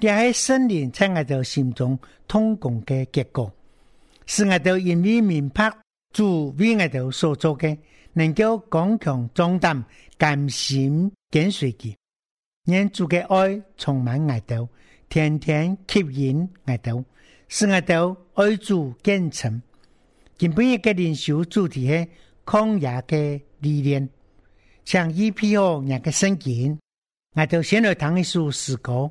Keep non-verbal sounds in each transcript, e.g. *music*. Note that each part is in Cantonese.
在森林，在 𠊎 兜心中通共嘅結果，是 𠊎 兜因為明白主為 𠊎 兜所做嘅，能夠剛強、壯膽、甘心跟隨佢，讓主嘅愛充滿 𠊎 兜，天天吸引 𠊎 兜，使 𠊎 兜愛主更深。今半夜嘅領袖主題係曠野嘅歷練，像一匹羊個聖經，𠊎 兜先來讀一首詩歌。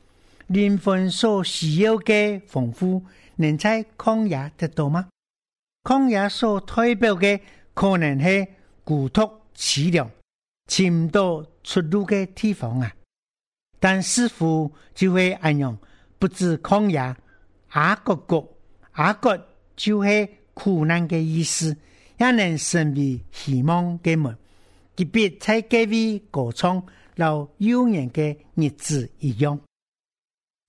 靈魂所需要嘅豐富，能在曠野得到嗎？曠野所代表嘅可能係孤獨、淒涼、尋唔到出路嘅地方啊！但似乎就會咁樣，不知曠野阿各國，阿、啊、哥，啊、就係苦難嘅意思，也能成為希望嘅門，特別在改為過從老幼年嘅日子一樣。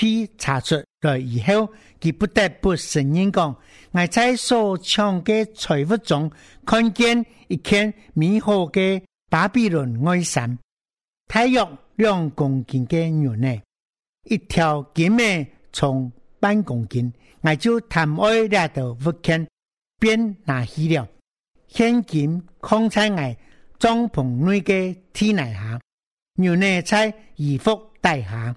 被查出咗以後，佢不得不承認講，我喺所搶嘅財物中，看見一件美好嘅巴比倫外衫，大約兩公斤嘅牛奶，一條金鏈重半公斤，我就貪愛掠到屋企，便拿起了現金，藏在我帳篷內嘅天內下，牛奶在衣服底下。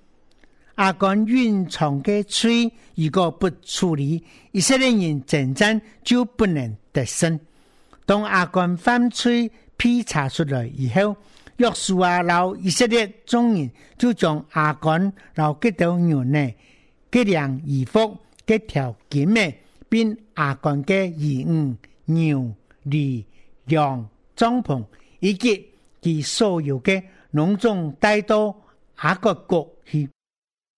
阿甘冤藏嘅罪，如果不處理，以色列人戰爭就不能得勝。當阿甘犯罪被查出來以後，約書亞老以色列眾人就將阿甘留喺度院內，吉糧義福吉條件咩，變阿甘嘅義務，牛、驢、羊、帳篷，以及其所有嘅農種，帶到阿個國去。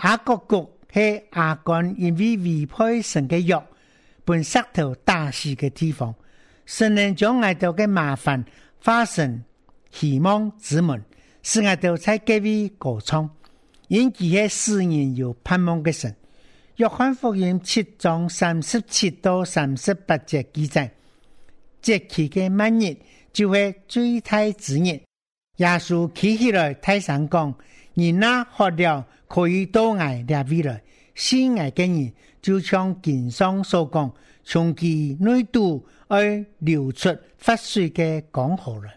亞割谷係阿干，因為違背神嘅約，本石頭大樹嘅地方，神能將我哋嘅麻煩化成，希望之門，使我哋才基督過寵，因佢係思念又盼望嘅神。約翰福音七章三十七到三十八節記載，節期嘅末日就會最大之日。耶穌起起來，太上講：人若喝了。可以多眼裂開來，新芽嘅葉就像經上所講，從其內度而流出發水嘅江河了。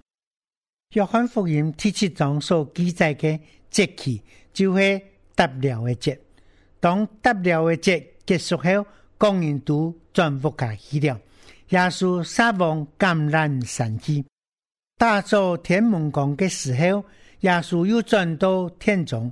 約翰福音第七章所記載嘅節期，就係搭料嘅節。當搭料嘅節結束後，供應都轉復活去了。耶穌撒網橄欖神蹟，打咗天門港嘅時候，耶穌又轉到天中。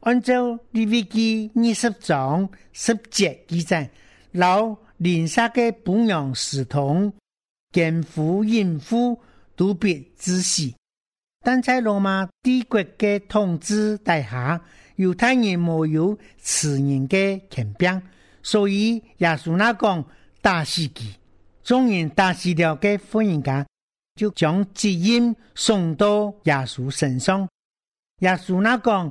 按照《利未記》二十章十節記載，老鄰舍嘅供養系統、奸夫、淫婦都必治死。但在羅馬帝國嘅統治底下，猶太人沒有自人嘅權柄，所以耶穌那講打死佢，眾人打死了嘅婦人家，就將基因送到耶穌身上，耶穌那講。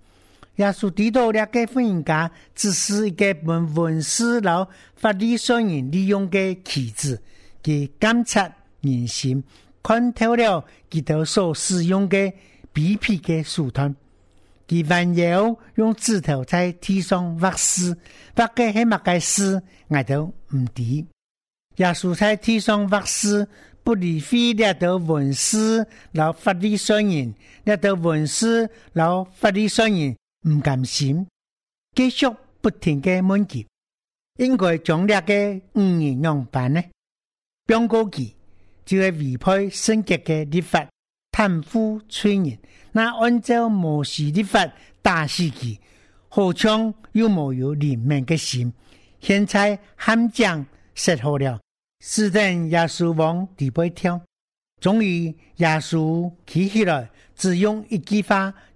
耶穌提到了個婦人家，只是一個俾文士佬、法利賽人利用嘅棋子，佢監察人心，看透了佢哋所使用嘅卑鄙嘅手段，佢彎腰用指頭在地上畫字，畫嘅係乜嘅字，我都唔知。耶穌在地上畫字，不理會呢個文士佬法利賽人，呢都文士佬法利賽人。唔甘心，繼續不停嘅升級，應該獎勵嘅唔然樣辦呢？變高級就係違背聖潔嘅律法貪腐催人。那按照摩西律法大時期，何嘗又冇有憐憫嘅心？現在陷阱設好了，試等耶穌往裏背跳，終於耶穌起起來，只用一句話。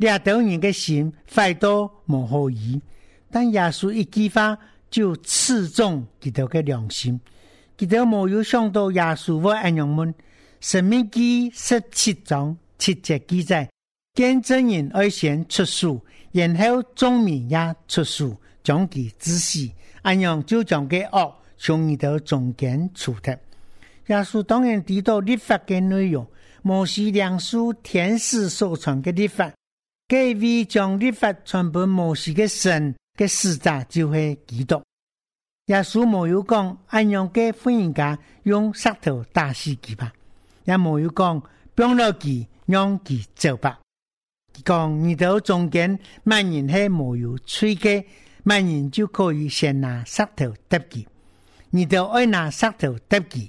亞當人嘅心快到無好意，但耶穌一句話就刺中佢哋嘅良心。佢哋冇有想到耶穌和恩人們，申命記十七章七節記載：見證人愛先出書，然後眾民也出書，將其治死。恩人就將佢惡從你嘅中間除脫。耶穌當然知道律法嘅內容，摩西兩書天使所創嘅律法。各位將律法傳播模式的神的使者就會嫉妒。耶穌沒有講安陽嘅富人家用石頭打死佢吧，也冇有講別落去讓佢走吧。講遇到中間萬人係沒有吹嘅，萬人就可以先拿石頭打佢。遇到愛拿石頭打佢。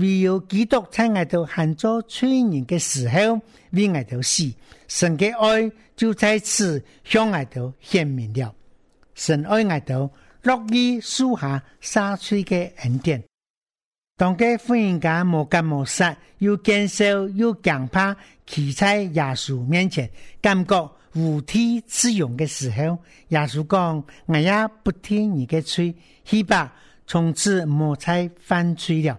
唯有基督在外頭行咗罪人嘅時候，為外頭死，神嘅愛就在此向外頭顯明了。神愛外頭樂意樹下沙吹嘅恩典。當嘅婦人家無根無實，又堅守又懼怕，企在耶穌面前，感覺無地自容嘅時候，耶穌講：我也不聽你嘅罪，去吧。”從此莫再犯罪了。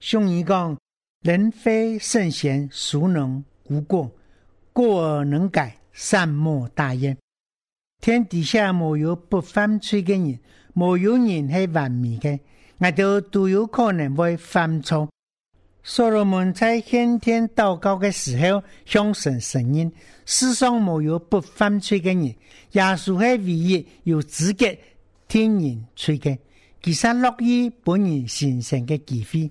《聖經》講：“人非聖賢，孰能無過？過而能改，善莫大焉。”天底下沒有不犯罪嘅人，沒有人係完美嘅，我哋都都有可能會犯錯。所羅門在獻殿禱告嘅時候，向神承認：“世上冇有不犯罪嘅人，耶穌係唯一有資格聽人吹嘅，佢生樂意俾人信心嘅機會。”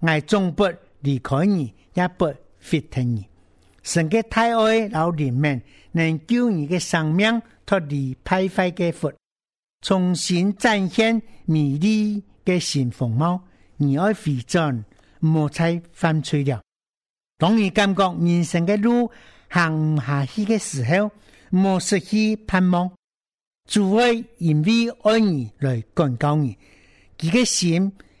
我總不離開你，也不廢停你。神嘅太愛老人們，能救你嘅生命脫離徘徊嘅苦，重新展現美麗嘅新風貌。你愛肥壯，莫再犯罪了。當你感覺人生嘅路行唔下去嘅時候，莫失去盼望，主愛仍會愛你來管教你，佢嘅心。 *noise*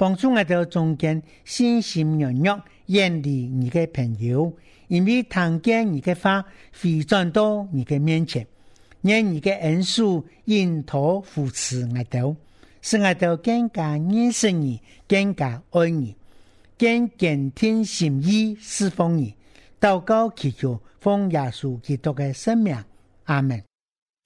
幫助我哋中間，信心軟弱遠離你嘅朋友，因為看見你嘅花飛轉到你嘅面前，讓你嘅恩主因托扶持我哋，使我哋更加認識你，更加愛你，更敬天信義侍奉你，禱告祈求奉耶穌基督嘅生命，阿門。